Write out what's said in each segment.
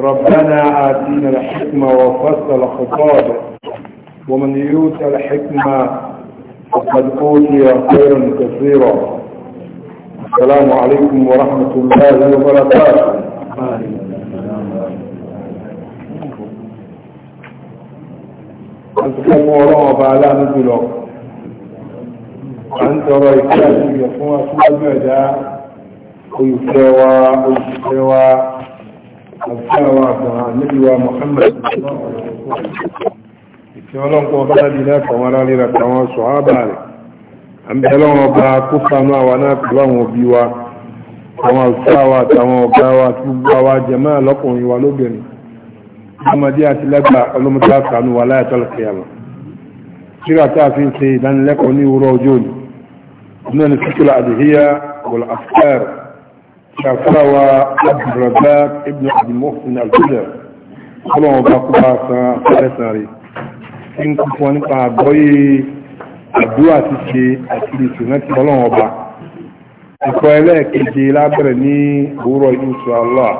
ربنا آتينا الحكمة وفصل خطابه ومن يؤت الحكمة فقد أوتي خيرا كثيرا السلام عليكم ورحمة الله وبركاته أنت كم وراء بعلا نزلوا أنت رأيك يقوم أسوأ المعداء أيوة، ويفلوا ويفلوا أيوة، àbúkáwà àbúrà nílùú Muhammad ìfẹ́ ọlọ́nkọ́ ọba lábílá àtàwọn ará ríra àtàwọn sọ̀hábà rẹ̀ àmìtẹ́lọ́wọ́n ọba kó fanú àwọn náà pẹ̀lú àwọn òbí wa àwọn àbúkáwà àtàwọn ọ̀gá wa àti gbogbo àwa jẹ̀mọ́ àlọ́kùnrin wa lóbìnrin ọmọdé àti lẹ́gbà ọlọ́mọdé àtàánú wa láyàtọ̀ kẹyàmà síra a fi ń ṣe ìdánilẹ́kọ̀ọ́ ní òwúrọ̀ ọjọ́ òní شافوا عبد الرزاق ابن عبد المحسن الكدر قالوا باقوا ساري إن كنت ونقع بوي àdúrà ti ṣe àti ìṣúná ti ọlọ́run ọba ẹ̀kọ́ ẹlẹ́ẹ̀keje lábẹ̀rẹ̀ ní òwúrọ̀ insha Allah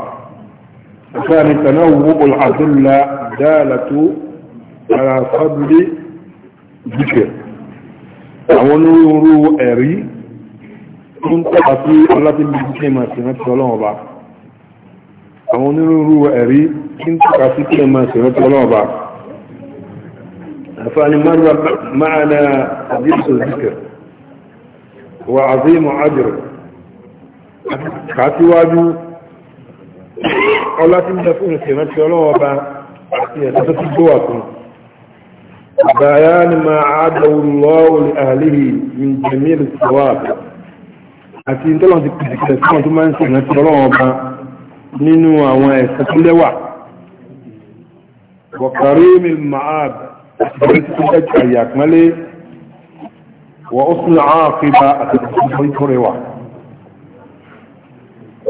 ẹ̀kọ́ ẹni tẹ̀lé òwúrọ̀ al-adilla dalatu ala fadli dhikr àwọn onírúurú ẹ̀rí tó ń tọ́ka sí ọlátẹ́bí kí máa ṣe rántí ọlọ́run ọba àwọn onírúurú ẹ̀rí tí ń tọ́ka sí kí máa ṣe rántí ọlọ́run ọba àfààní máa na àdíṣò zikir wà àzímù àjẹrò kàtíwájú ọlátẹ́bí fún ìṣe rántí ọlọ́run ọba àti ẹ̀sán tó ti gbówà fún بيان ما عاده الله لأهله من جميل الثواب àti tọ́lọ́n ti pèsè pẹ̀lẹ̀ fún ọdún máa ń sọ̀rọ̀ láti ọlọ́wọ́ ọba nínú àwọn ẹ̀sẹ̀ tó lẹ́wà wọ̀kàrí mi ma'ab àti bẹ́ẹ̀ tó jẹ́ àyè àpọ́nlé wọ́n ó sún àáfíà àti ìfúnfún tó rẹwà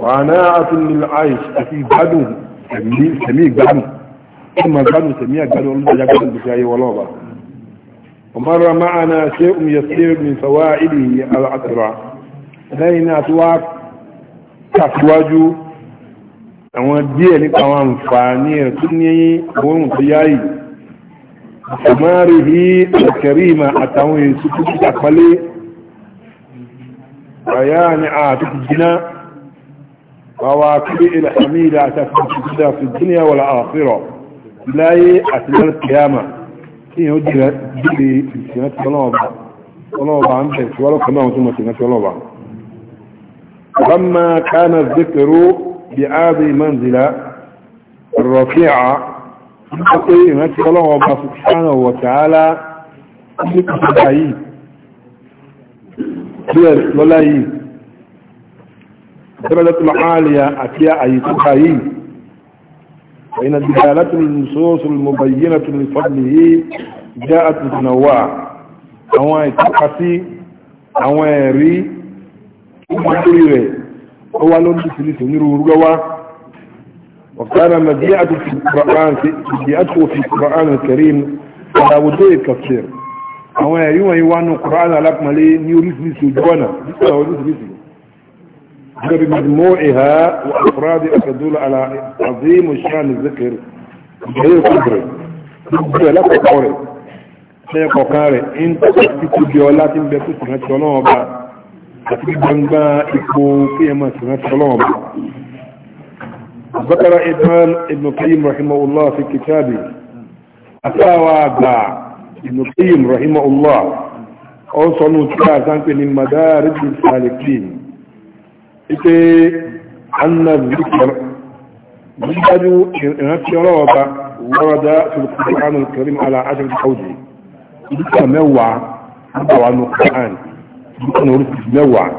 wàhánà àti nílò àìsí àti ìgbádùn ẹ̀mí ìgbádùn ثم قالوا سميع قالوا لنا يقول بشاي ولوبا ومر معنا شيء يسير من فوائده العطرة lẹ́yìn náà tó wá kàtíwájú àwọn díẹ̀ nípa àwọn àǹfààní ẹ̀ tó ní oòrùn tó yáyì àmárì rí ẹ̀kẹ̀rí ìmà àtàwọn èsù tó ti àpálé àyá ni a tó ti jiná wàwà kí ilẹ̀ àmìlà àtàkùnkùnkùnkùn fi dúnìyà wà láàfírọ̀ láyé àti lẹ́lẹ́kìyàmà kí yóò jìrẹ̀ jìrẹ̀ ìsìnà ọlọ́ọ̀bà ń bẹ̀ tí wọ́n lọ́kọ̀ọ́ لما كان الذكر بهذه المنزلة الرفيعة يقول إن الله سبحانه وتعالى لكسبائي لولاي درجة العالية أتيا أي تبائي فإن دلالة النصوص المبينة لفضله جاءت متنوعة أوان تقصي أوان ري ọmọ lórí rẹ̀ ó wá lórí ìfìlísì onírú orúgbọ́wá ọ̀kára màdíyà àti kùrán kẹrin àwùjọ ìkàfẹ́ àwọn ẹ̀rí wọ̀nyí wá nù kùrán alápọ̀nlé ní oríṣiríṣi ojú ọ̀nà nípa oríṣiríṣi gẹ́gẹ́ مجموعها وأفراد تدل على عظيم شان الذكر غير قدر gbogbo ẹ̀ lápapọ̀ rẹ̀ ṣe kọ̀ọ̀kan rẹ̀ ń tọ́ka títí ń bẹ àti gbangba ipò kíyàmà sinata ọlọ́wọ́ ذكر إبان ابن قيم رحمه الله في كتابه أتاوى باع ابن قيم رحمه الله أوصنو تكاسان في المدارج السالكين إتي أن الذكر يجب إنك يروبا ورد في القرآن الكريم على عشرة أوجه ذكر موعى أو القرآن بأنه رسل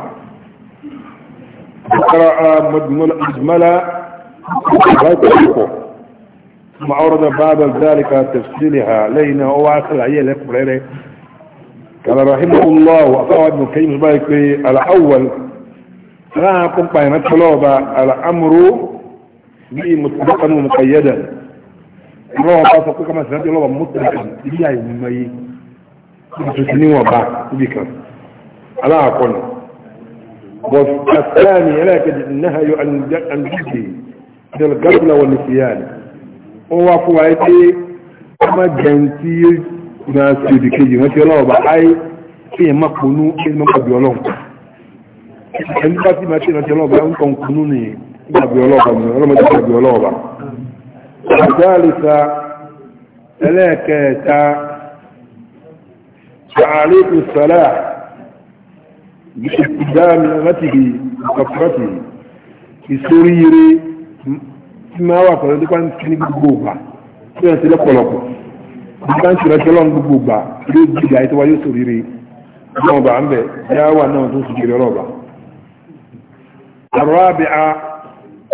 قرأ مجمل ثم أورد بعد ذلك تفصيلها لينا هو آخر عيا لك بريري قال رحمه الله وأطاع ابن كيم بايك الأول لا أقوم بين الطلبة الأمر به مطبقا ومقيدا الله تعالى كما سنتي الله مطبقا مطلقا إياه يمي تسنين وبعد بكرة aláàkọ́nù wọ̀fẹ́ni ẹlẹ́kẹ̀ẹ́jì náà yọ àndìdì ìdẹ̀lgáfìlà wọn nìfìyàní ó wá fún wa pé a má jẹun tí na sí òdì kejì rántí ọlọ́wọ́ bá áyé kí ẹ má ponú ẹgbẹ́ gbàgbé ọlọ́wọ́ ẹni bá ti máa ṣe rántí ọlọ́wọ́ bá ń kàn ìdáàmìlẹ́tìhì ìkọ̀kọ̀rọ̀tì ìsoríire tí máa wà pẹ̀lú nípa ní gbogbo tí wọ́n ti lọ́pọ̀lọpọ̀ nípa gbogbo ilé ìgbìyà ọba ń bẹ̀ yá wà náà tó àbí a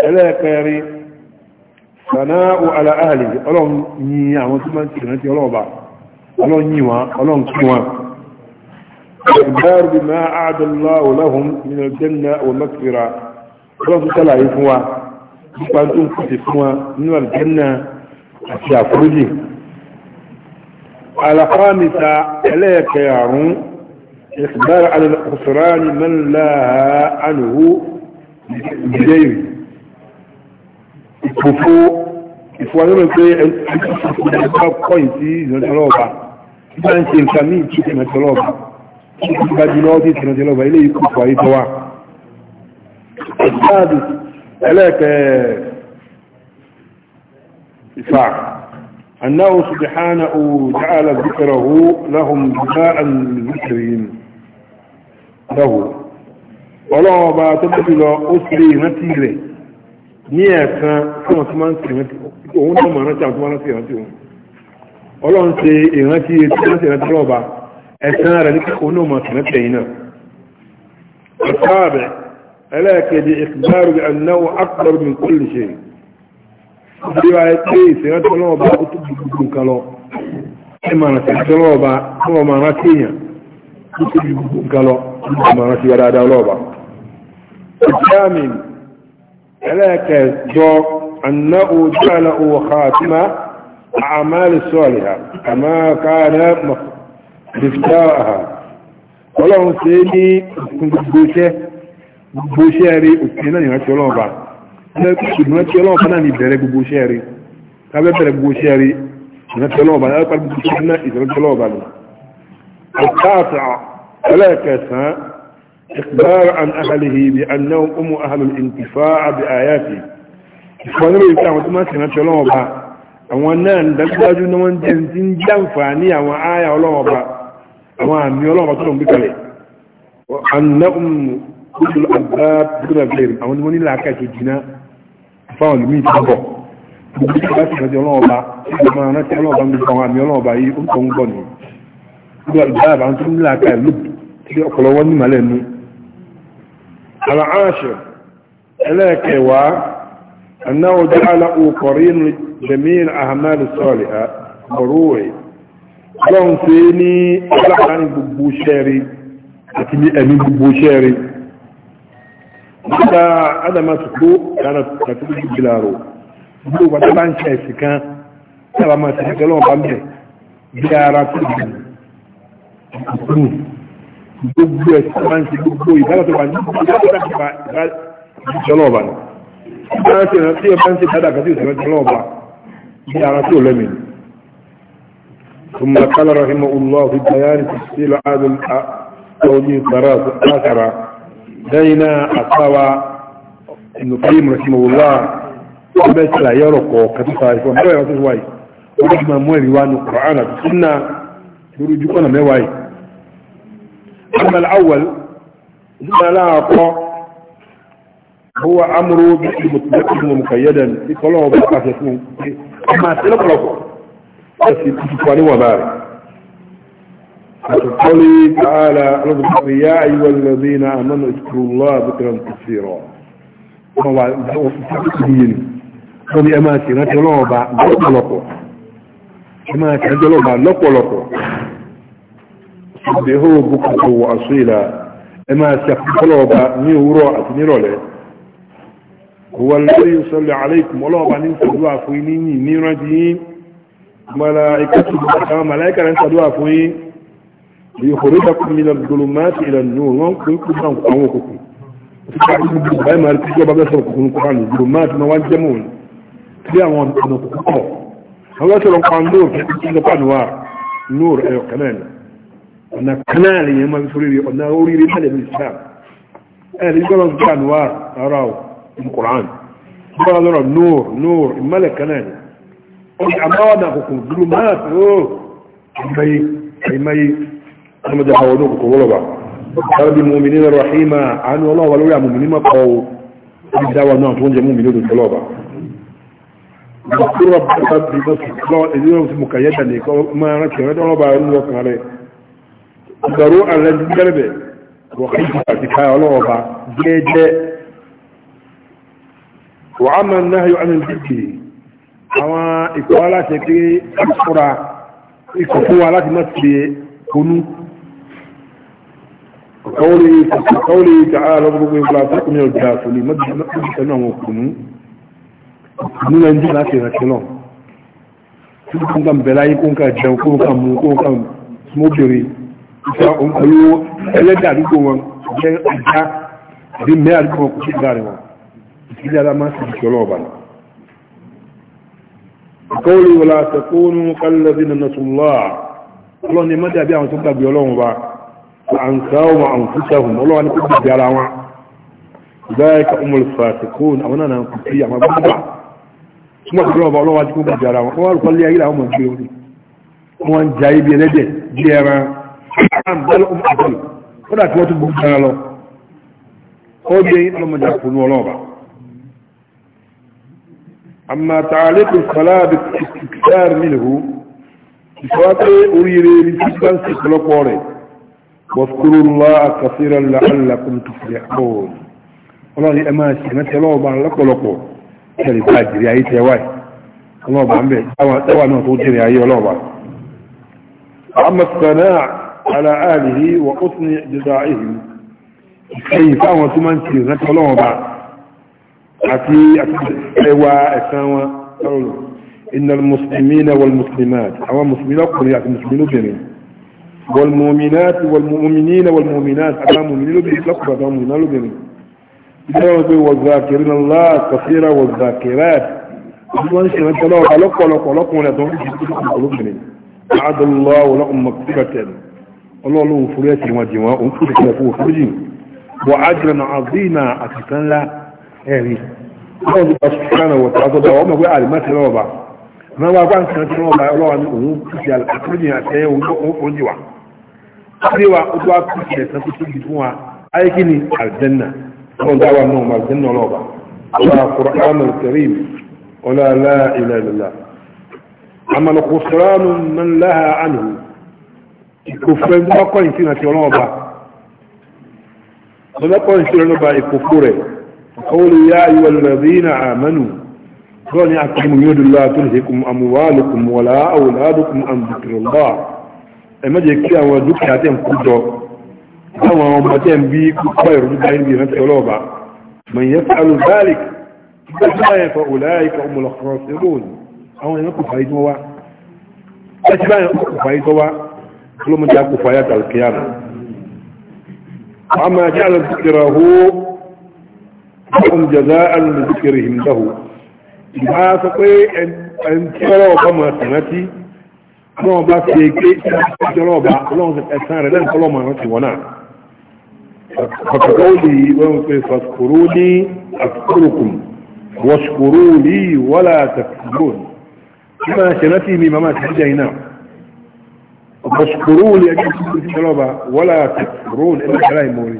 ẹlẹ́ẹ̀kẹrin àlàáhàlì ọlọ́run yin àwọn tó máa ń ọlọ́run yin wọn ọlọ́run kí wọn الإخبار بما أعد الله لهم من الجنة والمغفرة الله تعالى يفوا وأنتم كتفوا من الجنة أشياء فرجي على خامسة إليك يا رون إخبار على الخسران من لا عنه بدين ìfòfó ìfòwárí pé ẹni tó ṣe ìdájọ́ pọ́ìntì ìrìnàjò ọlọ́ọ̀bá tí wọ́n ń ṣe nǹkan ní ìtúkọ̀ ìrìnàjò ọlọ́ọ̀bá gbajúmọ́ tí tìrìn tí lọ́gbà ilé ikú fà ìtọ́ wa ìsáàdì ẹlẹ́ẹ̀kẹ́ ìfà annáwó subhana o ta'ala zikirahu lahum ba'an zikirin lahu ọlọ́wọ́ bá tó bí lọ ó sì rántí rẹ̀ ní ẹ̀kan fún ọ̀tún máa ń sì rántí òun náà máa rántí àwọn ìrántí òun ọlọ́run ṣe ìrántí tí wọ́n sì rántí الرابع rẹ̀ ألا إخبار بأنه أكبر من كل شيء رواية إيه سنة الله أتوب بكم كلام كما نسنة با ما نسينا أتوب بكم كلام ما نسي دا با الثامن ألا كدي أنه جعله خاتمة أعمال الصالحة كما كان ìfìtàhà ọlọ́run ṣe é ní gbogbo iṣẹ́ gbogbo iṣẹ́ rí òkè náà ìrántí ọlọ́run bá ìrántí ọlọ́run bá náà ní ìbẹ̀rẹ̀ gbogbo iṣẹ́ rí kábẹ́ bẹ̀rẹ̀ gbogbo iṣẹ́ rí ìrántí ọlọ́run bá náà pàdé gbogbo iṣẹ́ náà ìrántí ọlọ́run bá ní. àkáàtà ẹlẹ́ẹ̀kẹsàn-án إخبار عن أهله بأنهم أم أهل الانتفاع بآياته ìfọ̀nà ìfẹ́ àwọn tó máa sẹ̀rẹ̀ ṣe ọlọ́wọ́ bá àwọn náà dájúdájú ní wọ́n jẹ́ ti àwọn àmì ọlọ́run tó lọ ń gbé kalẹ̀ annahum kúlù àgbàdúrà bẹ́ẹ̀rẹ̀ àwọn ni wọ́n nílò àkà ètò jìnnà fáwọn olùmí ìtàbọ̀ gbogbo ìgbà tí ìrántí ọlọ́run ọba ìgbà máa rántí ọlọ́run ọba ń gbé àwọn àmì ọlọ́run ọba yìí ó ń tọ́ ń gbọ́ على عاشر جميع أعمال الصالحة بروعي ọlọ́run ṣe é ní alákàárín gbogbo ṣẹ́ẹ̀rí àti ní ẹ̀mí gbogbo ṣẹ́ẹ̀rí nígbà adama tukó dára tàbí ìgbìlà rò gbogbo wàtí bá ń ṣe ẹ̀sìn kan tí a bá máa ṣe ọlọ́run bá mẹ́ bí ara tó gbì gbogbo ẹ̀sìn máa ń ṣe gbogbo ìbára tó wà ní ìjọlọ́ọ̀ bá ní. bí ara tó lẹ́mìí ثم قال رحمه الله في بيان تفصيل هذا التوجيه ثلاثة آخرة دينا أطاوى ابن قيم رحمه الله بيت لا يرقى كتفا يكون لا يرقى واي ورحمة موي وان القرآن بسنة يرجوكونا مواي أما الأول ثم لا أقع هو أمر بالمطلق ومقيدا في بقى قلوب القاسة أما سلق لكم بس تفكرني وبارك قوله تعالى يا أيها الذين آمنوا اذكروا الله ذكرا كثيرا الدين قولي أماتي نتلوه بلقلقه أماتي نتلوه بلقلقه صبهوا بكته وأصيلا أماتي نتلوه بنيورو أتنيرولي هو الذي يصلي عليكم ولو بنين سبوا فينيني نيرجين malaikatu àwọn malaika rẹ̀ ń ṣàdúrà fún yín èyí kò rí dàkú mi lọ́dọ̀lù máa ti ìlànà nù wọn kò kú náà kó àwọn òkùnkùn ó ti dájú gbogbo báyìí máa ti jọba bẹ́sẹ̀ òkùnkùn kó hàn lọ́dọ̀lù máa ti máa wá jẹ́ mọ̀ tí àwọn ọ̀nà òkùnkùn kọ̀ àwọn ẹ̀sẹ̀ lọ́kọ̀ àwọn lóòrù kí wọ́n ti lọ́pàá nùwà lóòrù ẹ̀yọ̀ kanáàlì ọ̀nà kanáàlì yẹn máa fi sórí rí ọ̀nà oríire náà lè ní islam ẹ̀ ní gbọ́dọ̀ ti kà nùwà ara ò ní kùrán gbọ́dọ̀ lọ́rọ̀ nóòrù nóòrù ìmọ̀lẹ̀ kanáàlì orí àmáwọ̀dà kòkòrò dúró máa tó àìmáyé àìmáyé ọmọdé àwọn ọdún kòkòrò rọ̀bà sárábí mọ́mìnì rọ̀ àìmá àánú ọlọ́wà lórí àmọ́mìnì mọ́kọ̀ ó ti dáwà náà tó ń jẹ mọ́mìnì lórí ọlọ́ọ̀bà dókítà bàbá bí bá fi lọ èyí ló ti mú kàyé dàní kọ́ máa rán kẹrẹ tó rọ́bà ń lọ kàn náà yóò àwọn ìkọ́ aláṣẹ pé ìfúra ikọ̀ fún wa láti má ti konú kọ́wọ́lé tààrà gbogbo ìgbà fún ọjà àtòlè mọ́jìtẹ́nà àwọn òkùnú ní nàìjíríà láti ìrẹsẹ̀ náà tí ó kún kàn bẹ̀rẹ̀ ayé kún kàn jẹun kún kàn mú kún kàn mọ́bìnrin ìfẹ́ òǹkọ̀lówó ẹlẹ́dẹ̀ àdúgbò wọn jẹ́ ọjà àbí mẹ́ àdúgbò wọn kò sí ìgbà rẹ̀ wọn ìfìdí alámásìlì ìṣọ́lọ́ ọ̀bàlẹ̀ ìkọ́wé wọlá tẹ̀kọ́nù kálẹ́bínà nasùlá ọlọ́run ni mọ́tẹ́ àbí àwọn tó gbàgbé ọlọ́run bá àǹkáwọ̀ àǹkúṣàhùn ọlọ́run ni kò gbàgbé ara wọn bẹ́ẹ̀ ká ọmọ ìfàṣẹ̀kọ́nù àwọn náà kò sí àwọn bàbá súnmọ́ ìdúró ọba ọlọ́run ti kò gbàgbé ara wọn wọ́n rúkọ lé ayé làwọn mọ̀ gbé orí wọ́n ń أما تعليق الصلاة بالاستكثار منه بسواك أريري من بسيطان سيطلقوري واذكروا الله كثيرا لعلكم تفلحون الله أما سيمتي الله بان لك ولقو كالي باجري أي تيواي الله بان بي توا نوتو جري أي الله بان أما الصناع على آله وحسن جزائهم كيف أوا تمنتي ذات الله بان àti ẹwà ẹ̀sán wọn lọ́rùn innal muslimina wal muslimat àwọn musulmi lọ́kùnrin àti musulmi lóbìnrin wal mu'minati wal mu'minina wal mu'minat àwọn musulmi lóbìnrin lọ́kùnrin àti àwọn musulmi lóbìnrin ìdáwọn pé wọ́n zakirina Allah kafira wọ́n zakirat wọ́n wọ́n ṣe rántí lọ́wọ́ alọ́pọ̀lọpọ̀ lọ́kùnrin àti wọ́n ti kú olóbìnrin adàlọ́ wọlọ́kùn maktibatin ọlọ́ọ̀lọ́wọ́ fúrẹ́sì wọn jì wọn òun fúrẹ́sì wọn fúrẹ́sì wọn àjìrànà àzínà àtìkánlá ẹ̀rí ọlọ́run ti bá wọ̀ tó àgọ́dọ̀ ọmọ ìwé àlùmọ́tì lọ́wọ́ bá wọn wá gbáǹkì náà tí wọ́n bá ọlọ́wà ní òun òun ó tó wá ẹ̀sán tó tóbi fún wa ayé kí ni náà قول يا أيها الذين آمنوا قول يعقم يد الله تلهكم أموالكم ولا أولادكم عن ذكر الله أما جيكي أو ذكرتهم كدو أو أمتهم بي كبير جبعين بي نفس يلوبا من يفعل ذلك فأولئك هم الخاسرون أو ينكو فايدوا أشبا ينكو فايدوا كل من يكو فايات القيامة وأما جعل ذكره لهم جزاء لذكرهم له ما سقي ان ترى كما سمعتي ما بس يكي ترى با لن كل ما نتي ونا فكروا لي وهم فاذكروني اذكركم واشكروا لي ولا تكفرون كما سمعتي مما ما واشكروا لي ولا تكفرون الا كلام مولي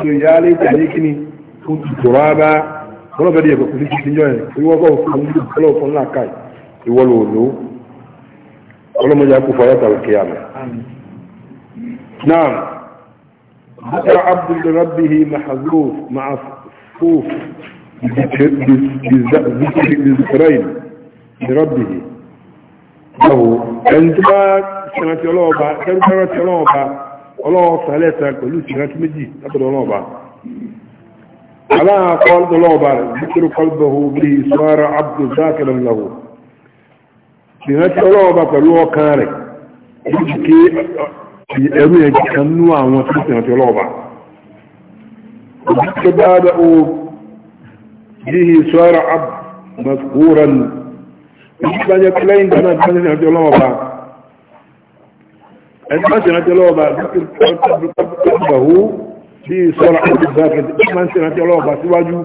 olùyálé jàdé kí ni fún ìtura bá ọlọ́bẹ̀ díẹ̀ pẹ̀lú sí ìjọ yẹn ìwọ́ bá òfin ní ìbúlọ̀ fún làkà ìwọ́ lò lò ọlọ́mọdé akó fọyọ́ tàbí kí àmì. náà ذكر عبد لربه محذوف مع صوف بذكرين لربه له انتباه سنة الله سنة الله ọlọ́wọ́ sàálẹ̀ ẹ̀sán pẹ̀lú ọlọ́ọ̀bá rẹ̀ nítorí kọ́lọ́dọ̀hù bí pẹ̀lú ọkàn rẹ̀ nú àwọn ọlọ́ọ̀bá ẹni bá ṣe rántí ọlọ́ọ̀bá gbàgbàwó bí sọ́ra àdìgbàkẹ́ tí máa ń ṣe rántí ọlọ́ọ̀bá síwájú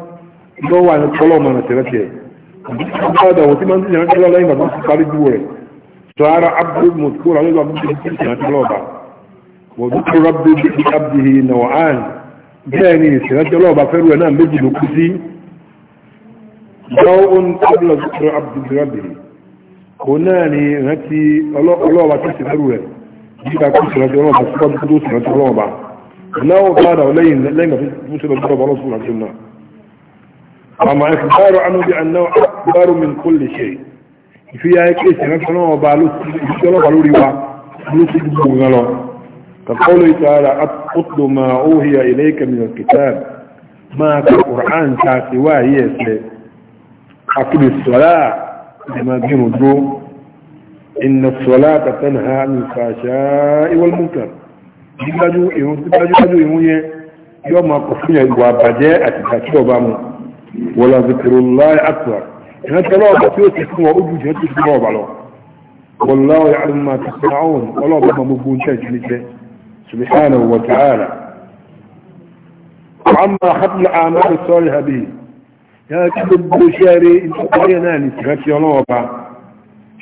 lọ́wọ́ àti ọlọ́ọ̀mà náà ṣẹlẹ̀ tiẹ̀ gbàgbàwó tí máa ń ṣe rántí ọlọ́ọ̀bá ìgbà tó ti parí ju rẹ̀ sọ ara abdul mutkur alóògbà bí ṣe ṣe rántí ọlọ́ọ̀bá wọ́n tó rábí bí abdihi nàwọ̀án bẹ́ẹ̀ ni ṣe rántí ọlọ́ọ̀bá fẹ́rù ẹ̀ nígbà tó sọ̀rọ̀ tí ọlọ́ọ̀bà tó bá dúró sọ̀rọ̀ tí ọlọ́ọ̀bà láwọ̀ padà lẹ́yìn lẹ́yìn àfi mùsùlùmí ọlọ́ọ̀bà ọlọ́sùn àti ọ̀nà àmà ìfúbárò anú bí aná àkùbárò mi kò lè ṣe ìfìyà ẹgbẹ́ ìṣẹ̀rẹ́ tí ọlọ́ọ̀bà lórí wa ló ti gbogbo wọn lọ كقوله تعالى أتقتل ما أوهي إليك من الكتاب ما كقرآن تاسوا هي أكل الصلاة لما بين الدروم إن الصلاة تنهى عن الفاشاء والمنكر يجو يوم قفني يبقى بجاء تفاكيو بامو ولا ذكر الله أكبر إن أنت لو بسيو والله يعلم ما تصنعون والله بما مبون تجلس سبحانه وتعالى وعما خط الأعمال الصالحة به يا كذب بشاري إن تبعي ناني تفاكيو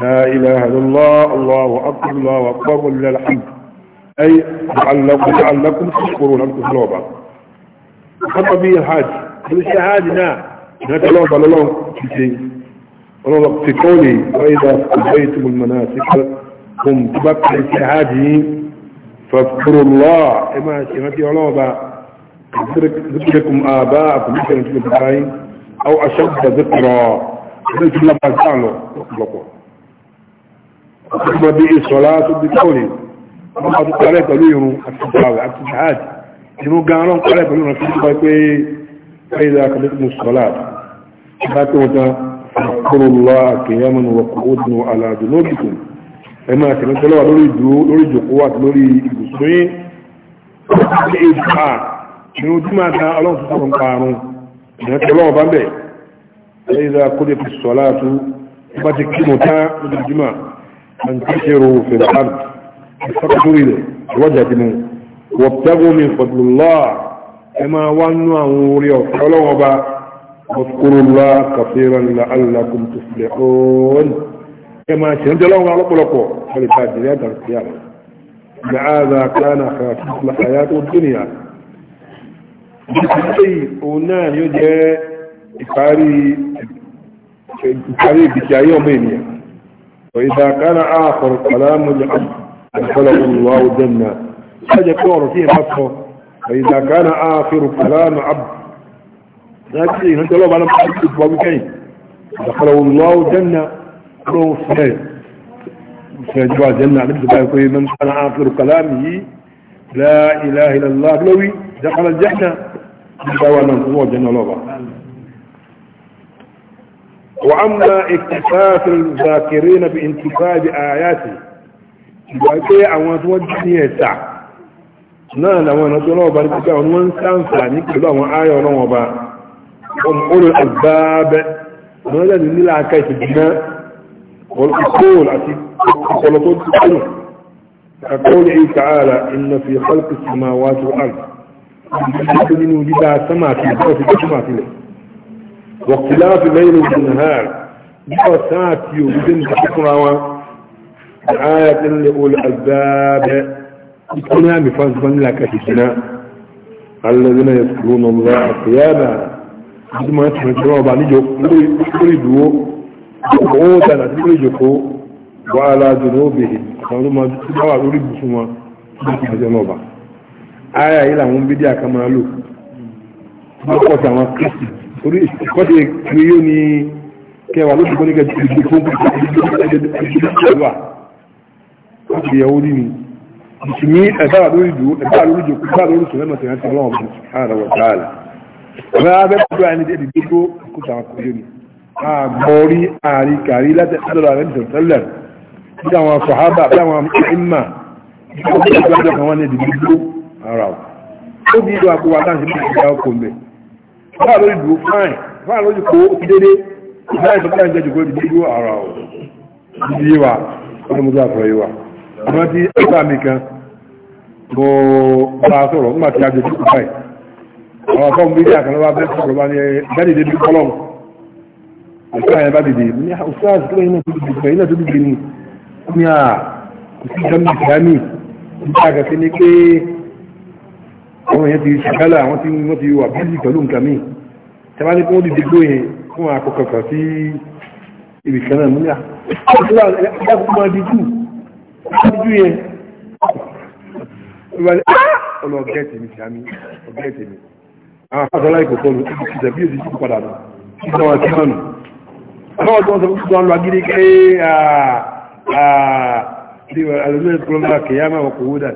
لا إله إلا الله الله أكبر الله أكبر ولله الحمد أي لعلكم لعلكم تشكرون أنتم في لعبة خط بي الحاج الشهادة نا هناك لعبة لهم الله في قولي وإذا قضيتم هم تبقى الشهادة فاذكروا الله إما شهادة لعبة ذكركم آباءكم مثل البخاري أو أشد ذكرى ذكر الله تعالى ọmọ bí ìsọ̀lá tó bí káwọlì ọmọ tó parẹ́ pẹ̀lú irun àti ìgbàwẹ̀ àti jihad irun gan ọlọ́n parẹ́ pẹ̀lú irun àti ìgbà pé ẹ̀yà kàmẹ́tìmù sọ̀lá bá tó wọn tán àkúròlá àkèyàmọ̀ ní wọ̀kọ̀ ó dùn àlàdù lóbìkù ẹ máa kẹ̀lẹ́ tẹ́lẹ̀ wà lórí ìdúró lórí ìjòkó àti lórí ibùsùn yín ní ìdúrà irun tí kó lè fi sọ̀lá tó bá ti kí mọ̀ tán lójoojúmọ́ فانتشروا في الأرض فاقتروا إليه وجهة وابتغوا من فضل الله كما وانوا أموري وحلوا وبا واذكروا الله كثيرا لعلكم تفلحون كما شهد الله على قلقه فلتاج ليات القيامة لهذا كان خاسف الحياة الدنيا بسيطي هنا يجي إقاري إقاري بكاية يومين وإذا كان آخر كلام لعبد أدخله الله الجنة حاجة كورة فيه مصر وإذا كان آخر كلام عبد لكن أنت لو أنا محدد وبكين دخله الله الجنة الصحيح. الصحيح سيجوا الجنة نبدأ بأيكوه من كان آخر كلامه لا إله إلا الله لوي دخل الجنة أدخله الله الجنة واما اكتفاء الذاكرين بانتفاء اياته باكي او توجيه تاع نا لا وانا دولو بارك تاع وان سان فاني كلو وان ايو نو با قوم اول الباب ولا دي لا كاي في دينا قول اقول اسي قول اقول اقول تعالى ان في خلق السماوات والارض من يريد ان يريد السماء في السماء في واختلاف الليل والنهار جاء ساتي وبدن تكروا آية لأولي الألباب إتنام فاسبن لك إتنام الذين يذكرون الله قياما عندما يتحدثون بعد يقولوا قوتا تقولوا وعلى ذنوبهم قالوا ما تدعوا أولي بسما جنوبا آية إلى هم بديا كما لو ما قوتا ما قسم torí ìkọ́dé kiri yóò ní kẹwàá ló ṣùgbọ́n nígbà ìdíje fún ìdíjewa láti yẹ̀wò ní ni ìsinmi ẹ̀bára lórí ìdúró ẹ̀bára lórí ìjòkó ẹ̀bára lórí ìsòlẹ́ mọ̀tẹ̀ láti ọlọ́wọ́ bọ̀ ara wọ̀ dáàlà ọ̀rẹ́ abẹ́ pẹ̀lú àyẹni tẹ́ ìdíje tó kúta àkọ́ yóò ní àgbọ̀rí àrí kàrí láti àdọ̀rọ̀ àrẹ́ ìsọ̀ tẹ́lẹ̀ bí àwọn sọ̀hábà bí àwọn ìmà ìgbà tó kọjá kan wá ní ìdíje tó ara ó bí ìlú àkọwà láti ìdíje báà lórí dùn fáìn báà lórí kó ti dédé báà ìfẹ́ báà ń jẹ́ jùgbọ́ ìdíjú ara ọ̀ ìdí yé wa ọdún mọ́tò àfọ̀ yé wa àmọ́ tí ẹgbẹ́ mi kan mo bá a sọ̀rọ̀ nígbà tí a jẹ́ jùgbọ́ fáìn àwọn afọ́n bí àkànlá wa bẹ́ẹ̀ sọ̀rọ̀ bá ní jáde débi kọ́lọ́m àti àyẹ̀ bá dìde ní ọ̀sáàsì kílẹ̀ iná tó dìde iná tó dìde ní ní à kò sí ìjọba ìsìlámì nígbà kẹsí ni pé àwọn èèyàn ti ṣàgálà àwọn tí wọ́n ti wà bíi pẹ̀lú nǹkan míì tẹ́lá ní kí wọ́n dìde gbóyè fún àkọkọ̀kọ̀ sí ibi kan náà múlẹ̀ àkókò máa di jù di jù yẹn ọlọ́gẹ́ tèmi sàmì ọgẹ́ tèmi àwọn afásọlá ìkòkò lu ìṣẹ̀bí òdì sí padà nù ìṣẹ̀ wọn ti hàn nù àwọn tó ń sọ fún wọn lọ agídí kẹ́ àà àà àlùmíẹ̀ kúrọ́mà kìyàmà ọkọ̀ wúdà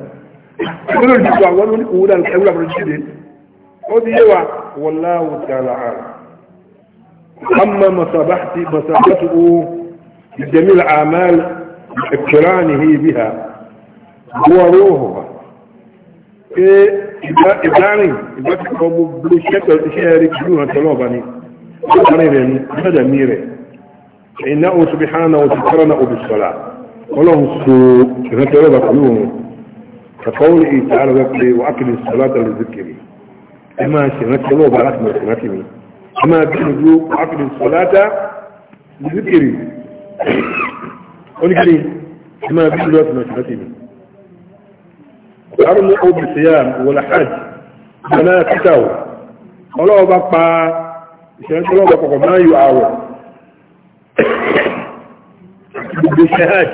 ìgbélò ìdìbò àwọn oníkòwúlà ìwúlà fún ìṣẹ̀lẹ̀ ó di yéwà wallahu ta'ala a'lam amma masabahti masabatuhu jami' al-a'mal iqtiranihi biha huwa ruhuha ke ibarin ibati ko gbogbo iṣẹ́ pẹ̀lú iṣẹ́ rẹ̀ kìlú hàn tọ́lọ́ ọba ni ọkùnrin rẹ̀ ni ìṣẹ́jà mi rẹ̀ ìnáwó subhanahu wa ta'ala ọ̀bùsọ̀lá ọlọ́run so ìrántí ọlọ́ba pẹ̀lú òun فقوله تعالى وقلي وأكل الصلاة للذكر إما سنتي الله بارك ما سنتي أما بيقول وأكل الصلاة للذكر ونقلي إما بيقول وأكل من سنتي وأرموا بالصيام والحج فلا تتاو ọlọ́wọ́ bá pa ìṣẹ́lẹ̀ tó lọ́wọ́ pọ̀pọ̀ máa yọ àwọ̀ gbogbo ṣe hajj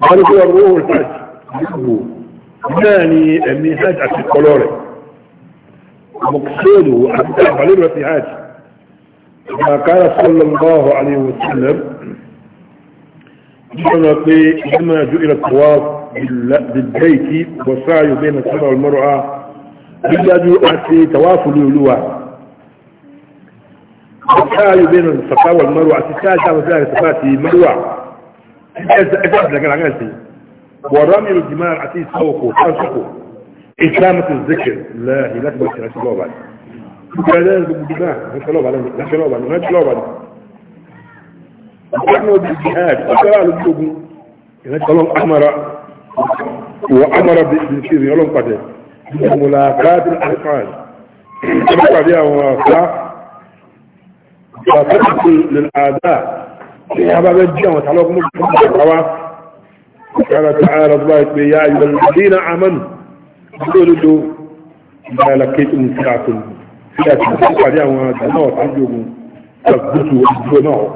wọ́n هو الروح wọ́n hajj yíbo náà ni ẹ̀mí hajj àti kọlọ́ rẹ̀ mọ̀kúsọ́ọ̀lù àti àbálẹ̀ rẹ̀ fi hajj ìgbà kára sallallahu alaihi جئل الطواف بالبيت والسعي بين السبع والمرأة بالذي أتي تواف اليلوة والسعي بين الصفا والمرأة أتي ساعة وساعة صفاتي مروة ورمي الجمار عتي سوقه حرسكه إسلامة الذكر لا هي لا تبقى لا تلوب بعد لا بالجماع لا تلوب عليه لا تلوب بعد لا تلوب عليه نحن بالجهاد أقرأ للجوب إن الله أمر وأمر بالشير يقولون قد ملاقات الأحقان تبقى بها وفاة فتحت للآداء يا باب الجنة تعالوا قال تعالى الله يا أيها الذين آمنوا قولوا إذا لقيتم فئة فئة فقد يعمل النار عندكم فاثبتوا وادعوا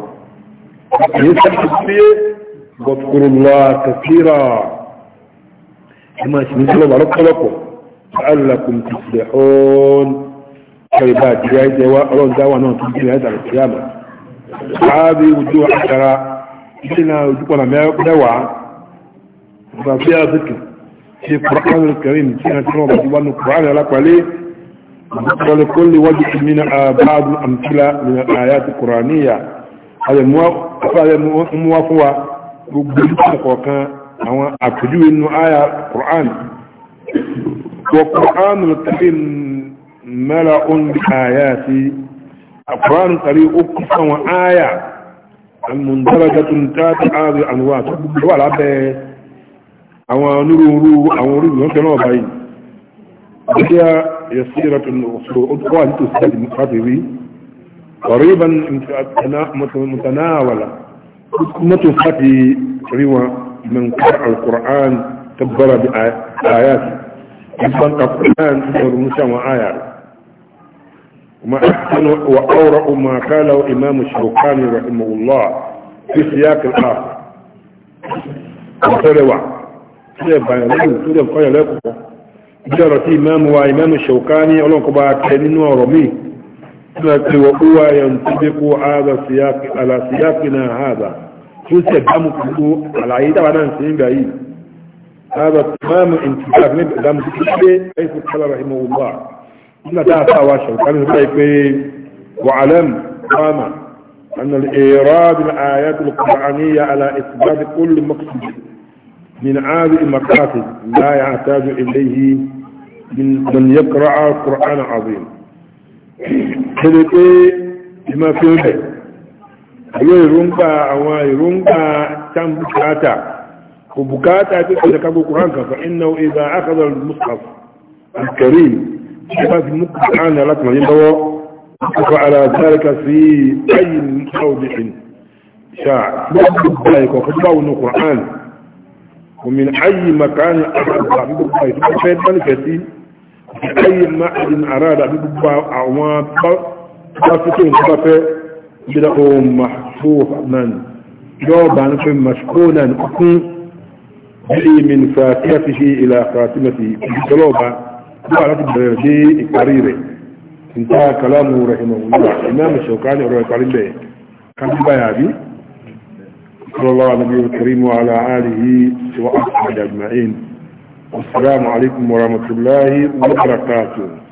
يسحب فيه واذكروا الله كثيرا كما يسمى الله لكم لعلكم تفلحون كيف جاءت الله دعوانا تجي هذا القيامه هذه وجوه عشرة لنا وجوهنا ميوة ففيها ذكر في القرآن الكريم فيها كلمة بجوان القرآن لك عليه ولكل وجه من بعض الأمثلة من الآيات القرآنية هذا الموافقة بجوانك وكان هو أكدو إنه آية القرآن والقرآن الكريم ملأ بآياتي أقران قريب أكفا وآية المندرجة تاتي هذه أنواع ولا العبد أو نرورو أو نرورو يمكن أن أبعين هي يسيرة أدخال تسجد مقاتبي قريبا متناولة حكمة فتي روى من قرأ القرآن تبرى بآياته يبقى القرآن تبرى آياته وأحسن وأورأ ما قاله إمام الشوكاني رحمه الله في سياق الآخر وصلوا سيبقى قال لكم جرت إمام وإمام الشوكاني أولون كبا كنين ورمي وهو ينطبق هذا سياق على سياقنا هذا شو سيبقى على عيدة وانا نسيين بعيد هذا تمام انتفاق نبقى دام حيث قال رحمه الله nígbà tá a sá wa alam ṣàwùkárí sọ báyìí pé wàhálẹ́m fáàmà أن الإيراد الآيات القرآنية على إثبات كل مقصد من هذه المقاصد لا يحتاج إليه من من يقرأ القرآن العظيم. كذلك بما في ayo irunka awa irunka tán bukata kò bukata tí kò daga kòkòrán kankan iná ìbá akadar mustaf alkarim كما في المتحان لك من يندوى فعلى ذلك في أي موضع شاع ذلك وخطبه القرآن ومن أي مكان أراد ببقى شيء ملكتي في أي معد أراد ببقى أعوان تفتون تفتون بدأوا محفوظا جوابا في مشكولا أكون من فاتحته إلى خاتمته جوابا هو على تبدأ دي قريرة انتهى كلامه رحمه الله الإمام الشوكاني رحمه قريب به كان بيابي صلى الله على نبيه الكريم وعلى آله وأصحابه أجمعين والسلام عليكم ورحمة الله وبركاته